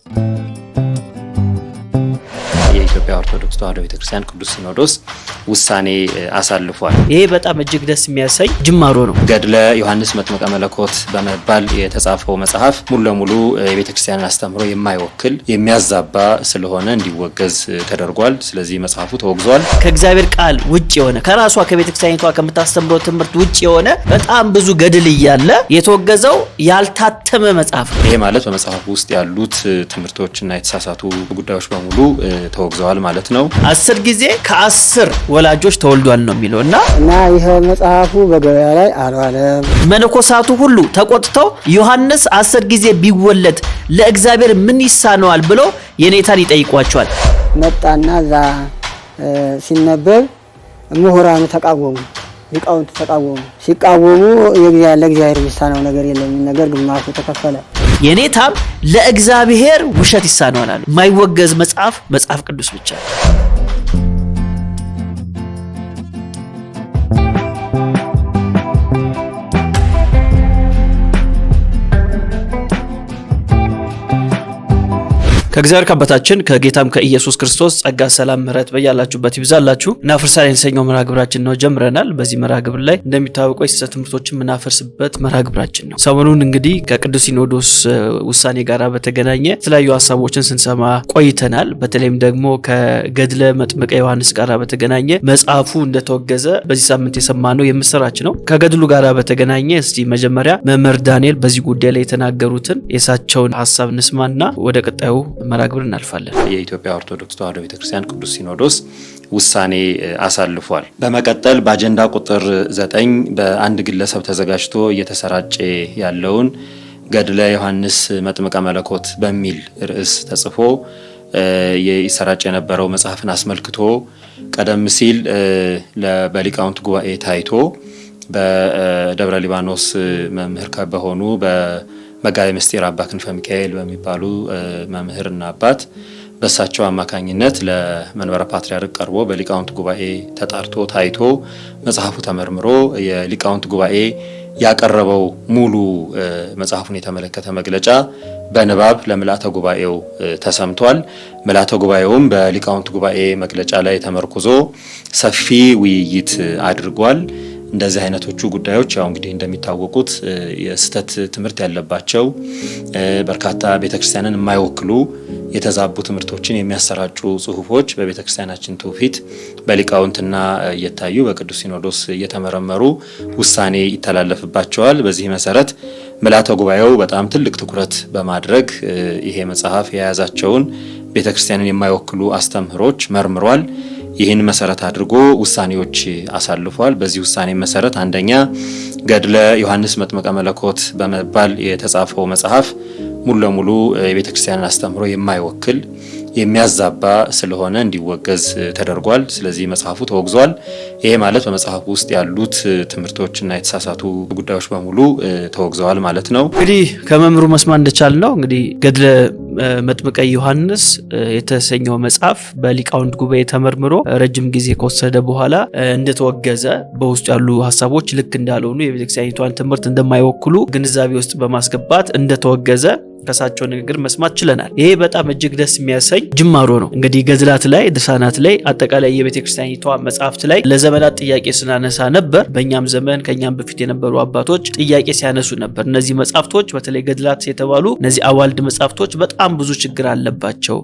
Thank you. የኢትዮጵያ ኦርቶዶክስ ተዋሕዶ ቤተክርስቲያን ቅዱስ ሲኖዶስ ውሳኔ አሳልፏል። ይሄ በጣም እጅግ ደስ የሚያሳይ ጅማሮ ነው። ገድለ ዮሐንስ መጥመቀ መለኮት በመባል የተጻፈው መጽሐፍ ሙሉ ለሙሉ የቤተክርስቲያንን አስተምሮ የማይወክል የሚያዛባ ስለሆነ እንዲወገዝ ተደርጓል። ስለዚህ መጽሐፉ ተወግዟል። ከእግዚአብሔር ቃል ውጭ የሆነ ከራሷ ከቤተክርስቲያኒቷ ከምታስተምረው ትምህርት ውጭ የሆነ በጣም ብዙ ገድል እያለ የተወገዘው ያልታተመ መጽሐፍ ነው። ይሄ ማለት በመጽሐፉ ውስጥ ያሉት ትምህርቶችና የተሳሳቱ ጉዳዮች በሙሉ ተወግዘዋል። ተጽፏል ማለት ነው። አስር ጊዜ ከአስር ወላጆች ተወልዷል ነው የሚለው እና እና ይህ መጽሐፉ በገበያ ላይ አልዋለም። መነኮሳቱ ሁሉ ተቆጥተው ዮሐንስ አስር ጊዜ ቢወለድ ለእግዚአብሔር ምን ይሳነዋል ብሎ የኔታን ይጠይቋቸዋል። መጣና እዛ ሲነበብ ምሁራኑ ተቃወሙ፣ ሊቃውንቱ ተቃወሙ። ሲቃወሙ ለእግዚአብሔር የሚሳነው ነገር የለም ነገር ግማሹ ተከፈለ። የኔ ታም ለእግዚአብሔር ውሸት ይሳነዋል። የማይወገዝ መጽሐፍ መጽሐፍ ቅዱስ ብቻ ነው። ከእግዚአብሔር ከአባታችን ከጌታም ከኢየሱስ ክርስቶስ ጸጋ፣ ሰላም፣ ምሕረት በያላችሁበት ይብዛላችሁ። እናፈርሳለን የተሰኘው መርሃ ግብራችን ነው ጀምረናል። በዚህ መርሃ ግብር ላይ እንደሚታወቀው የስህተት ትምህርቶችን የምናፈርስበት መርሃ ግብራችን ነው። ሰሞኑን እንግዲህ ከቅዱስ ሲኖዶስ ውሳኔ ጋር በተገናኘ የተለያዩ ሀሳቦችን ስንሰማ ቆይተናል። በተለይም ደግሞ ከገድለ መጥምቀ ዮሐንስ ጋር በተገናኘ መጽሐፉ እንደተወገዘ በዚህ ሳምንት የሰማነው የምስራች ነው። ከገድሉ ጋር በተገናኘ እስቲ መጀመሪያ መምህር ዳንኤል በዚህ ጉዳይ ላይ የተናገሩትን የእሳቸውን ሀሳብ እንስማና ወደ ቀጣዩ መራግብር እናልፋለን። የኢትዮጵያ ኦርቶዶክስ ተዋሕዶ ቤተክርስቲያን ቅዱስ ሲኖዶስ ውሳኔ አሳልፏል። በመቀጠል በአጀንዳ ቁጥር ዘጠኝ በአንድ ግለሰብ ተዘጋጅቶ እየተሰራጨ ያለውን ገድለ ዮሐንስ መጥምቀ መለኮት በሚል ርዕስ ተጽፎ ይሰራጭ የነበረው መጽሐፍን አስመልክቶ ቀደም ሲል በሊቃውንት ጉባኤ ታይቶ በደብረ ሊባኖስ መምህር በሆኑ መጋቢ ምስጢር አባ ክንፈ ሚካኤል በሚባሉ መምህርና አባት በእሳቸው አማካኝነት ለመንበረ ፓትርያርክ ቀርቦ በሊቃውንት ጉባኤ ተጣርቶ ታይቶ መጽሐፉ ተመርምሮ የሊቃውንት ጉባኤ ያቀረበው ሙሉ መጽሐፉን የተመለከተ መግለጫ በንባብ ለምልአተ ጉባኤው ተሰምቷል። ምልአተ ጉባኤውም በሊቃውንት ጉባኤ መግለጫ ላይ ተመርኩዞ ሰፊ ውይይት አድርጓል። እንደዚህ አይነቶቹ ጉዳዮች ያው እንግዲህ እንደሚታወቁት የስህተት ትምህርት ያለባቸው በርካታ ቤተክርስቲያንን የማይወክሉ የተዛቡ ትምህርቶችን የሚያሰራጩ ጽሁፎች በቤተክርስቲያናችን ትውፊት በሊቃውንትና እየታዩ በቅዱስ ሲኖዶስ እየተመረመሩ ውሳኔ ይተላለፍባቸዋል። በዚህ መሰረት ምልዓተ ጉባኤው በጣም ትልቅ ትኩረት በማድረግ ይሄ መጽሐፍ የያዛቸውን ቤተክርስቲያንን የማይወክሉ አስተምህሮች መርምሯል። ይህን መሰረት አድርጎ ውሳኔዎች አሳልፏል። በዚህ ውሳኔ መሰረት አንደኛ ገድለ ዮሐንስ መጥመቀ መለኮት በመባል የተጻፈው መጽሐፍ ሙሉ ለሙሉ የቤተ ክርስቲያንን አስተምሮ የማይወክል የሚያዛባ ስለሆነ እንዲወገዝ ተደርጓል። ስለዚህ መጽሐፉ ተወግዟል። ይሄ ማለት በመጽሐፉ ውስጥ ያሉት እና የተሳሳቱ ጉዳዮች በሙሉ ተወግዘዋል ማለት ነው። እንግዲህ ከመምህሩ መስማ እንደቻል ነው እንግዲህ ገድለ መጥምቀ ዮሐንስ የተሰኘው መጽሐፍ በሊቃውንት ጉባኤ ተመርምሮ ረጅም ጊዜ ከወሰደ በኋላ እንደተወገዘ በውስጡ ያሉ ሀሳቦች ልክ እንዳልሆኑ የቤተክርስቲያኒቷን ትምህርት እንደማይወክሉ ግንዛቤ ውስጥ በማስገባት እንደተወገዘ ከሳቸው ንግግር መስማት ችለናል። ይሄ በጣም እጅግ ደስ የሚያሰኝ ጅማሮ ነው። እንግዲህ ገድላት ላይ፣ ድርሳናት ላይ፣ አጠቃላይ የቤተ ክርስቲያኒቷ መጽሐፍት ላይ ለዘመናት ጥያቄ ስናነሳ ነበር። በእኛም ዘመን ከእኛም በፊት የነበሩ አባቶች ጥያቄ ሲያነሱ ነበር። እነዚህ መጽሐፍቶች በተለይ ገድላት የተባሉ እነዚህ አዋልድ መጽሐፍቶች በጣም ብዙ ችግር አለባቸው።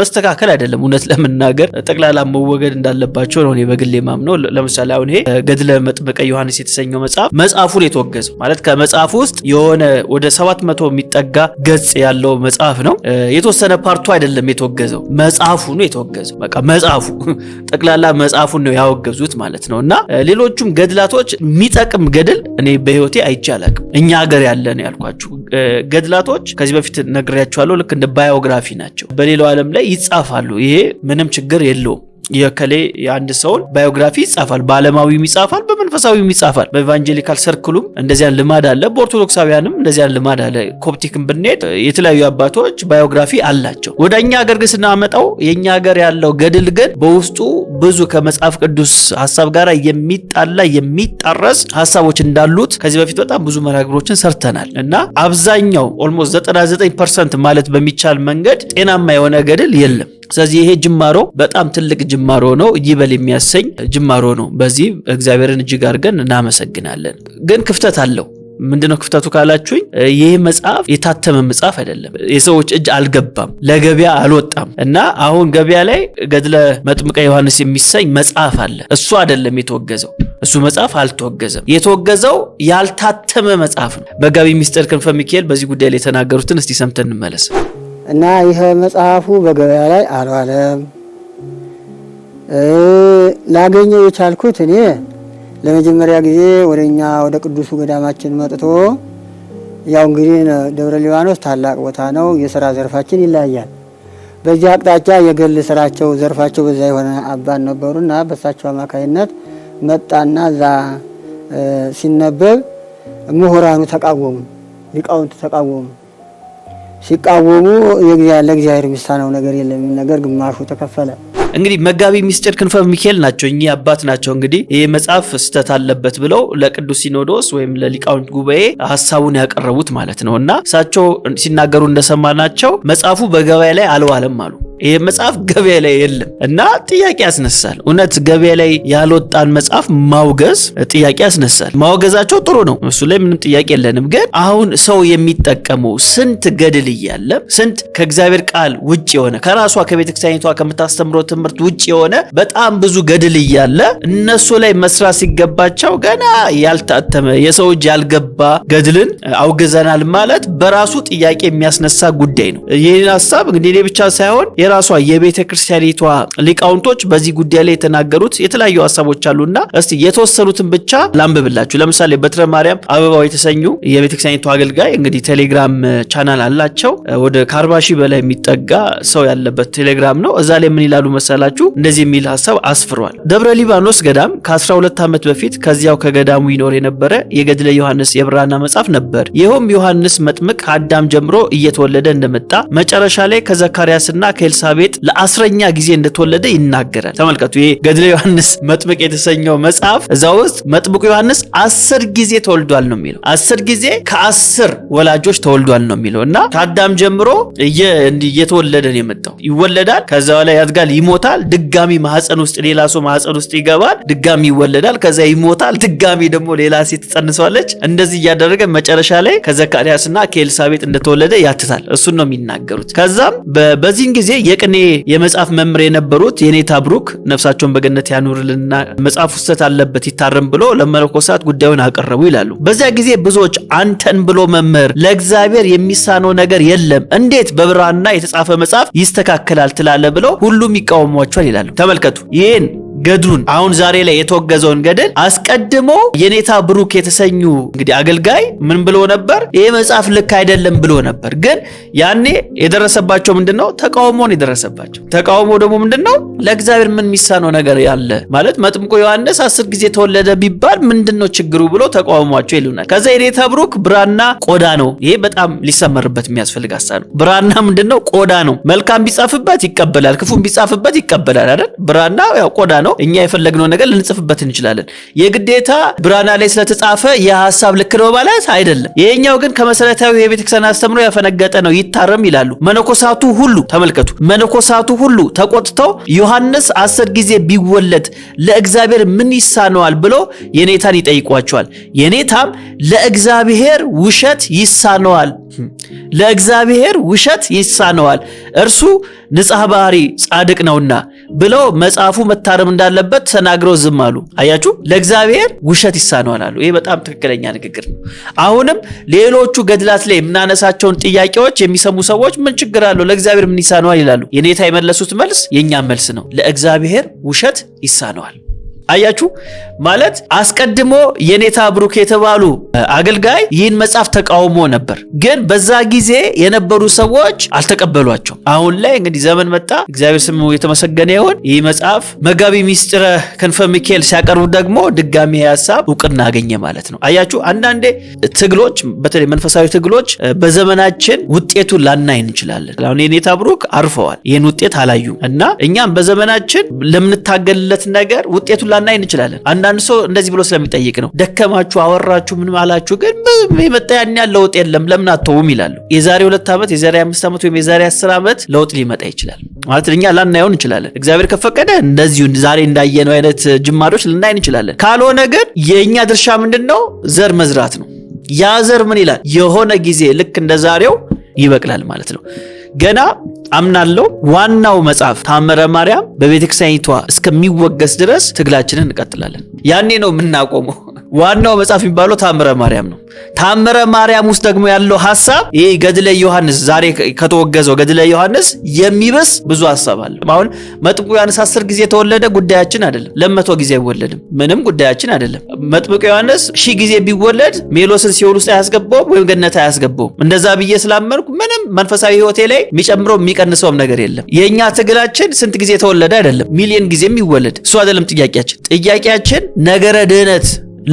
መስተካከል አይደለም እውነት ለመናገር ጠቅላላ መወገድ እንዳለባቸው ነው እኔ በግሌ ማምነው። ለምሳሌ አሁን ይሄ ገድለ መጥምቀ ዮሐንስ የተሰኘው መጽሐፍ መጽሐፉን የተወገዘው ማለት ከመጽሐፍ ውስጥ የሆነ ወደ ሰባት መቶ የሚጠጋ ገጽ ያለው መጽሐፍ ነው። የተወሰነ ፓርቱ አይደለም የተወገዘው፣ መጽሐፉ ነው የተወገዘው። በቃ መጽሐፉ ጠቅላላ መጽሐፉን ነው ያወገዙት ማለት ነው። እና ሌሎቹም ገድላቶች የሚጠቅም ገድል እኔ በህይወቴ አይቻላቅም እኛ ሀገር ያለ ነው ያልኳችሁ ገድላቶች ከዚህ በፊት ነግሬያችኋለሁ። ልክ እንደ ባዮግራፊ ናቸው። በሌላው ዓለም ላይ ይጻፋሉ። ይሄ ምንም ችግር የለውም። የከሌ የአንድ ሰውን ባዮግራፊ ይጻፋል፣ በዓለማዊም ይጻፋል፣ በመንፈሳዊም ይጻፋል። በኢቫንጀሊካል ሰርክሉም እንደዚያን ልማድ አለ፣ በኦርቶዶክሳውያንም እንደዚያን ልማድ አለ። ኮፕቲክም ብንሄድ የተለያዩ አባቶች ባዮግራፊ አላቸው። ወደ እኛ ሀገር ግን ስናመጣው የእኛ ሀገር ያለው ገድል ግን በውስጡ ብዙ ከመጽሐፍ ቅዱስ ሀሳብ ጋር የሚጣላ የሚጣረስ ሀሳቦች እንዳሉት ከዚህ በፊት በጣም ብዙ መናግሮችን ሰርተናል እና አብዛኛው ኦልሞስት 99 ፐርሰንት ማለት በሚቻል መንገድ ጤናማ የሆነ ገድል የለም። ስለዚህ ይሄ ጅማሮ በጣም ትልቅ ጅማሮ ነው፣ ይበል የሚያሰኝ ጅማሮ ነው። በዚህ እግዚአብሔርን እጅግ አድርገን እናመሰግናለን። ግን ክፍተት አለው። ምንድነው ክፍተቱ ካላችሁኝ፣ ይህ መጽሐፍ የታተመ መጽሐፍ አይደለም። የሰዎች እጅ አልገባም፣ ለገበያ አልወጣም እና አሁን ገበያ ላይ ገድለ መጥምቀ ዮሐንስ የሚሰኝ መጽሐፍ አለ። እሱ አይደለም የተወገዘው እሱ መጽሐፍ አልተወገዘም። የተወገዘው ያልታተመ መጽሐፍ ነው። መጋቢ ሚስጥር ክንፈ ሚካኤል በዚህ ጉዳይ ላይ የተናገሩትን እስቲ ሰምተን እንመለስ። እና ይህ መጽሐፉ በገበያ ላይ አልዋለም። ላገኘው የቻልኩት እኔ ለመጀመሪያ ጊዜ ወደኛ ወደ ቅዱሱ ገዳማችን መጥቶ ያው እንግዲህ ደብረ ሊባኖስ ታላቅ ቦታ ነው። የስራ ዘርፋችን ይለያያል። በዚህ አቅጣጫ የገል ስራቸው ዘርፋቸው በዛ የሆነ አባን ነበሩ እና በሳቸው አማካይነት መጣና እዛ ሲነበብ ምሁራኑ ተቃወሙ፣ ሊቃውንት ተቃወሙ። ሲቃወሙ ለእግዚአብሔር የሚሳነው ነገር የለም ነገር ግማሹ ተከፈለ። እንግዲህ መጋቢ ምስጢር ክንፈ ሚካኤል ናቸው እኚህ አባት ናቸው። እንግዲህ ይህ መጽሐፍ ስህተት አለበት ብለው ለቅዱስ ሲኖዶስ ወይም ለሊቃውንት ጉባኤ ሀሳቡን ያቀረቡት ማለት ነው እና እሳቸው ሲናገሩ እንደሰማ ናቸው መጽሐፉ በገበያ ላይ አልዋለም አሉ። ይህ መጽሐፍ ገበያ ላይ የለም እና ጥያቄ ያስነሳል። እውነት ገበያ ላይ ያልወጣን መጽሐፍ ማውገዝ ጥያቄ ያስነሳል። ማውገዛቸው ጥሩ ነው፣ እሱ ላይ ምንም ጥያቄ የለንም። ግን አሁን ሰው የሚጠቀመው ስንት ገድል እያለ ስንት ከእግዚአብሔር ቃል ውጭ የሆነ ከራሷ ክርስቲያኒቷ ከምታስተምረው ትምህርት ውጭ የሆነ በጣም ብዙ ገድል እያለ እነሱ ላይ መስራት ሲገባቸው ገና ያልታተመ የሰው እጅ ያልገባ ገድልን አውግዘናል ማለት በራሱ ጥያቄ የሚያስነሳ ጉዳይ ነው። ይህን ሀሳብ እንግዲህ እኔ ብቻ ሳይሆን የራሷ የቤተ ክርስቲያኒቷ ሊቃውንቶች በዚህ ጉዳይ ላይ የተናገሩት የተለያዩ ሀሳቦች አሉና እስቲ የተወሰኑትን ብቻ ላንብብላችሁ። ለምሳሌ በትረ ማርያም አበባው የተሰኙ የቤተ ክርስቲያኒቷ አገልጋይ እንግዲህ ቴሌግራም ቻናል አላቸው። ወደ ከአርባ ሺህ በላይ የሚጠጋ ሰው ያለበት ቴሌግራም ነው። እዛ ላይ ምን ይላሉ መሰላችሁ? እንደዚህ የሚል ሀሳብ አስፍሯል። ደብረ ሊባኖስ ገዳም ከ12 ዓመት በፊት ከዚያው ከገዳሙ ይኖር የነበረ የገድለ ዮሐንስ የብራና መጽሐፍ ነበር። ይኸውም ዮሐንስ መጥምቅ ከአዳም ጀምሮ እየተወለደ እንደመጣ መጨረሻ ላይ ከዘካርያስና ከኤልሳ ኤልሳቤጥ ለአስረኛ ጊዜ እንደተወለደ ይናገራል። ተመልከቱ። ይሄ ገድለ ዮሐንስ መጥምቅ የተሰኘው መጽሐፍ እዛ ውስጥ መጥምቁ ዮሐንስ አስር ጊዜ ተወልዷል ነው የሚለው። አስር ጊዜ ከአስር ወላጆች ተወልዷል ነው የሚለው እና ከአዳም ጀምሮ እየተወለደ ነው የመጣው። ይወለዳል፣ ከዛ በኋላ ያድጋል፣ ይሞታል። ድጋሚ ማህፀን ውስጥ ሌላ ሰው ማህፀን ውስጥ ይገባል፣ ድጋሚ ይወለዳል፣ ከዛ ይሞታል፣ ድጋሚ ደግሞ ሌላ ሴት ትጸንሷለች። እንደዚህ እያደረገ መጨረሻ ላይ ከዘካርያስና ከኤልሳቤጥ እንደተወለደ ያትታል። እሱን ነው የሚናገሩት። ከዛም በዚህን ጊዜ የቅኔ የመጽሐፍ መምህር የነበሩት የኔታ ብሩክ ነፍሳቸውን በገነት ያኑርልና መጽሐፍ ውሰት አለበት ይታረም ብሎ ለመነኮሳት ጉዳዩን አቀረቡ ይላሉ። በዚያ ጊዜ ብዙዎች አንተን ብሎ መምህር ለእግዚአብሔር የሚሳነው ነገር የለም፣ እንዴት በብራና የተጻፈ መጽሐፍ ይስተካከላል ትላለ ብለው ሁሉም ይቃወሟቸዋል ይላሉ። ተመልከቱ ይህን ገድሉን አሁን ዛሬ ላይ የተወገዘውን ገድል አስቀድሞ የኔታ ብሩክ የተሰኙ እንግዲህ አገልጋይ ምን ብሎ ነበር? ይሄ መጽሐፍ ልክ አይደለም ብሎ ነበር። ግን ያኔ የደረሰባቸው ምንድነው? ተቃውሞን የደረሰባቸው ተቃውሞ ደግሞ ምንድነው? ለእግዚአብሔር ምን የሚሳነው ነገር ያለ ማለት መጥምቁ ዮሐንስ አስር ጊዜ ተወለደ ቢባል ምንድነው ችግሩ ብሎ ተቃውሟቸው ይሉናል። ከዛ የኔታ ብሩክ ብራና ቆዳ ነው። ይሄ በጣም ሊሰመርበት የሚያስፈልግ ሀሳብ ነው። ብራና ነው? ቆዳ ነው። መልካም ቢጻፍበት ይቀበላል፣ ክፉም ቢጻፍበት ይቀበላል አይደል? ብራና ያው ቆዳ ነው። ነው። እኛ የፈለግነውን ነገር ልንጽፍበት እንችላለን። የግዴታ ብራና ላይ ስለተጻፈ የሀሳብ ልክ ነው ማለት አይደለም። ይሄኛው ግን ከመሰረታዊ የቤተክርስቲያን አስተምሮ ያፈነገጠ ነው፣ ይታረም ይላሉ መነኮሳቱ ሁሉ። ተመልከቱ፣ መነኮሳቱ ሁሉ ተቆጥተው ዮሐንስ አስር ጊዜ ቢወለድ ለእግዚአብሔር ምን ይሳነዋል ብሎ የኔታን ይጠይቋቸዋል። የኔታም ለእግዚአብሔር ውሸት ይሳነዋል፣ ለእግዚአብሔር ውሸት ይሳነዋል፣ እርሱ ንጹሕ ባህሪ ጻድቅ ነውና ብለው መጽሐፉ መታረም እንዳለበት ተናግረው ዝም አሉ። አያችሁ፣ ለእግዚአብሔር ውሸት ይሳነዋል አሉ። ይህ በጣም ትክክለኛ ንግግር ነው። አሁንም ሌሎቹ ገድላት ላይ የምናነሳቸውን ጥያቄዎች የሚሰሙ ሰዎች ምን ችግር አለው ለእግዚአብሔር ምን ይሳነዋል ይላሉ። የኔታ የመለሱት መልስ የእኛም መልስ ነው። ለእግዚአብሔር ውሸት ይሳነዋል። አያችሁ ማለት አስቀድሞ የኔታ ብሩክ የተባሉ አገልጋይ ይህን መጽሐፍ ተቃውሞ ነበር፣ ግን በዛ ጊዜ የነበሩ ሰዎች አልተቀበሏቸውም። አሁን ላይ እንግዲህ ዘመን መጣ፣ እግዚአብሔር ስሙ የተመሰገነ ይሁን። ይህ መጽሐፍ መጋቢ ሚስጥረ ክንፈ ሚካኤል ሲያቀርቡ ደግሞ ድጋሚ ሀሳብ እውቅና አገኘ ማለት ነው። አያችሁ አንዳንዴ ትግሎች፣ በተለይ መንፈሳዊ ትግሎች በዘመናችን ውጤቱን ላናይ እንችላለን። አሁን የኔታ ብሩክ አርፈዋል፣ ይህን ውጤት አላዩ እና እኛም በዘመናችን ለምንታገልለት ነገር ውጤቱን ላናይ እንችላለን። አንዳንድ ሰው እንደዚህ ብሎ ስለሚጠይቅ ነው። ደከማችሁ፣ አወራችሁ፣ ምን ማላችሁ፣ ግን የመጣ ያን ያህል ለውጥ የለም ለምን አተውም ይላሉ። የዛሬ ሁለት ዓመት የዛሬ አምስት ዓመት ወይም የዛሬ አስር ዓመት ለውጥ ሊመጣ ይችላል ማለት እኛ ላናየውን እንችላለን። እግዚአብሔር ከፈቀደ እንደዚሁ ዛሬ እንዳየነው አይነት ጅማሮች ልናይ እንችላለን። ካልሆነ ግን የእኛ ድርሻ ምንድን ነው? ዘር መዝራት ነው። ያ ዘር ምን ይላል? የሆነ ጊዜ ልክ እንደ ዛሬው ይበቅላል ማለት ነው። ገና አምናለው ዋናው መጽሐፍ ታምረ ማርያም በቤተክርስቲያኒቷ እስከሚወገስ ድረስ ትግላችንን እንቀጥላለን። ያኔ ነው የምናቆመው። ዋናው መጽሐፍ የሚባለው ታምረ ማርያም ነው። ታምረ ማርያም ውስጥ ደግሞ ያለው ሀሳብ ይሄ ገድለ ዮሐንስ ዛሬ ከተወገዘው ገድለ ዮሐንስ የሚበስ ብዙ ሀሳብ አለ። አሁን መጥምቁ ዮሐንስ አስር ጊዜ ተወለደ ጉዳያችን አይደለም። ለመቶ ጊዜ አይወለድም፣ ምንም ጉዳያችን አይደለም። መጥምቁ ዮሐንስ ሺህ ጊዜ ቢወለድ ሜሎስን ሲኦል ውስጥ አያስገባውም ወይም ገነት አያስገባውም። እንደዛ ብዬ ስላመንኩ ምንም መንፈሳዊ ህይወቴ ላይ የሚጨምረው የሚቀንሰውም ነገር የለም። የእኛ ትግላችን ስንት ጊዜ ተወለደ አይደለም፣ ሚሊዮን ጊዜ የሚወለድ እሱ አይደለም ጥያቄያችን። ጥያቄያችን ነገረ ድህነት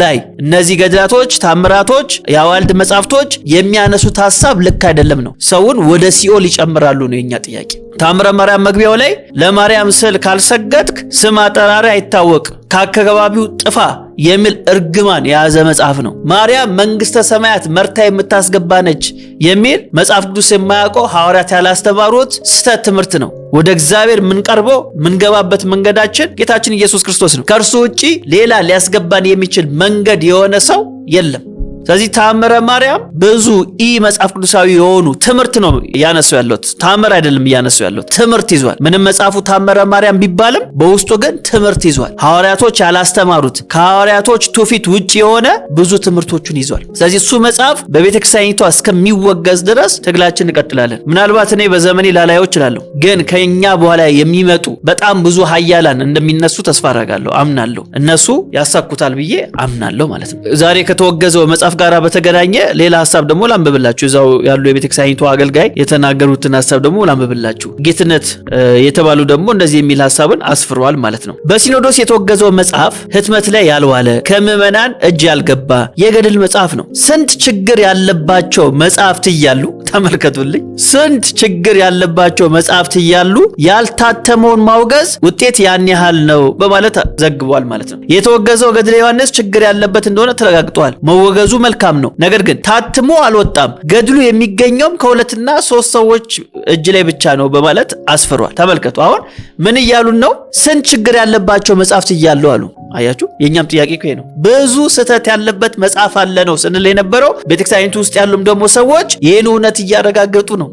ላይ እነዚህ ገድላቶች፣ ታምራቶች፣ የአዋልድ መጻሕፍቶች የሚያነሱት ሀሳብ ልክ አይደለም ነው። ሰውን ወደ ሲኦል ይጨምራሉ ነው የኛ ጥያቄ። ታምረ ማርያም መግቢያው ላይ ለማርያም ስዕል ካልሰገድክ ስም አጠራሪ አይታወቅ፣ ከአካባቢው ጥፋ የሚል እርግማን የያዘ መጽሐፍ ነው። ማርያም መንግስተ ሰማያት መርታ የምታስገባ ነች የሚል መጽሐፍ ቅዱስ የማያውቀው ሐዋርያት ያላስተማሩት ስህተት ትምህርት ነው። ወደ እግዚአብሔር ምንቀርበው የምንገባበት መንገዳችን ጌታችን ኢየሱስ ክርስቶስ ነው። ከእርሱ ውጪ ሌላ ሊያስገባን የሚችል መንገድ የሆነ ሰው የለም። ስለዚህ ተአምረ ማርያም ብዙ ኢ መጽሐፍ ቅዱሳዊ የሆኑ ትምህርት ነው እያነሱ ያለት ተአምር አይደለም እያነሱ ያለት ትምህርት ይዟል። ምንም መጽሐፉ ተአምረ ማርያም ቢባልም በውስጡ ግን ትምህርት ይዟል። ሐዋርያቶች ያላስተማሩት ከሐዋርያቶች ትውፊት ውጭ የሆነ ብዙ ትምህርቶቹን ይዟል። ስለዚህ እሱ መጽሐፍ በቤተክርስቲያኒቷ እስከሚወገዝ ድረስ ትግላችን እንቀጥላለን። ምናልባት እኔ በዘመኔ ላላየው እችላለሁ፣ ግን ከኛ በኋላ የሚመጡ በጣም ብዙ ሀያላን እንደሚነሱ ተስፋ አረጋለሁ፣ አምናለሁ። እነሱ ያሳኩታል ብዬ አምናለሁ ማለት ነው። ዛሬ ከተወገዘው መጽሐፍ መጽሐፍ ጋር በተገናኘ ሌላ ሀሳብ ደግሞ ላንብብላችሁ። እዛው ያሉ የቤተክርስቲያኒቱ አገልጋይ የተናገሩትን ሀሳብ ደግሞ ላንብብላችሁ። ጌትነት የተባሉ ደግሞ እንደዚህ የሚል ሀሳብን አስፍሯል ማለት ነው። በሲኖዶስ የተወገዘው መጽሐፍ ህትመት ላይ ያልዋለ ከምዕመናን እጅ ያልገባ የገድል መጽሐፍ ነው። ስንት ችግር ያለባቸው መጽሐፍት እያሉ ተመልከቱልኝ። ስንት ችግር ያለባቸው መጽሐፍት እያሉ ያልታተመውን ማውገዝ ውጤት ያን ያህል ነው በማለት ዘግቧል ማለት ነው። የተወገዘው ገድለ ዮሐንስ ችግር ያለበት እንደሆነ ተረጋግጧል። መወገዙ መልካም ነው። ነገር ግን ታትሞ አልወጣም፣ ገድሉ የሚገኘውም ከሁለትና ሶስት ሰዎች እጅ ላይ ብቻ ነው በማለት አስፍሯል። ተመልከቱ። አሁን ምን እያሉን ነው? ስንት ችግር ያለባቸው መጽሐፍት እያሉ አሉ። አያችሁ፣ የእኛም ጥያቄ ይሄ ነው። ብዙ ስህተት ያለበት መጽሐፍ አለ ነው ስንል የነበረው። ቤተ ውስጥ ያሉም ደግሞ ሰዎች ይህን እውነት እያረጋገጡ ነው።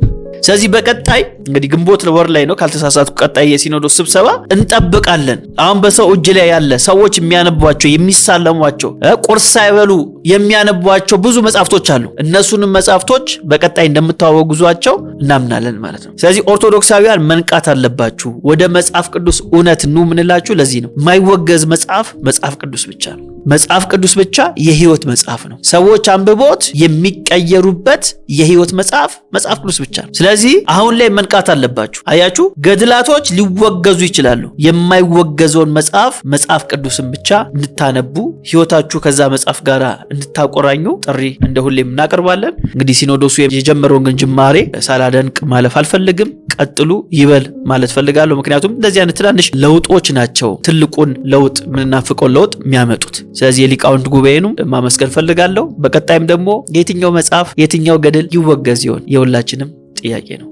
ስለዚህ በቀጣይ እንግዲህ ግንቦት ወር ላይ ነው ካልተሳሳትኩ ቀጣይ የሲኖዶስ ስብሰባ እንጠብቃለን። አሁን በሰው እጅ ላይ ያለ ሰዎች የሚያነቧቸው የሚሳለሟቸው ቁርስ ሳይበሉ የሚያነቧቸው ብዙ መጽሐፍቶች አሉ። እነሱንም መጽሐፍቶች በቀጣይ እንደምታወግዟቸው እናምናለን ማለት ነው። ስለዚህ ኦርቶዶክሳዊያን መንቃት አለባችሁ። ወደ መጽሐፍ ቅዱስ እውነት ኑ ምንላችሁ። ለዚህ ነው የማይወገዝ መጽሐፍ መጽሐፍ ቅዱስ ብቻ ነው። መጽሐፍ ቅዱስ ብቻ የህይወት መጽሐፍ ነው። ሰዎች አንብቦት የሚቀየሩበት የህይወት መጽሐፍ መጽሐፍ ቅዱስ ብቻ ነው። ስለዚህ አሁን ላይ መንቃት አለባችሁ። አያችሁ፣ ገድላቶች ሊወገዙ ይችላሉ። የማይወገዘውን መጽሐፍ መጽሐፍ ቅዱስን ብቻ እንድታነቡ ህይወታችሁ ከዛ መጽሐፍ ጋር እንድታቆራኙ ጥሪ እንደ ሁሌም እናቀርባለን። እንግዲህ ሲኖዶሱ የጀመረውን ግን ጅማሬ ሳላደንቅ ማለፍ አልፈልግም። ቀጥሉ ይበል ማለት ፈልጋለሁ። ምክንያቱም እንደዚህ አይነት ትናንሽ ለውጦች ናቸው ትልቁን ለውጥ የምንናፍቀውን ለውጥ የሚያመጡት። ስለዚህ የሊቃውንት ጉባኤንም ማመስገን ፈልጋለሁ። በቀጣይም ደግሞ የትኛው መጽሐፍ የትኛው ገድል ይወገዝ ይሆን የሁላችንም ጥያቄ ነው።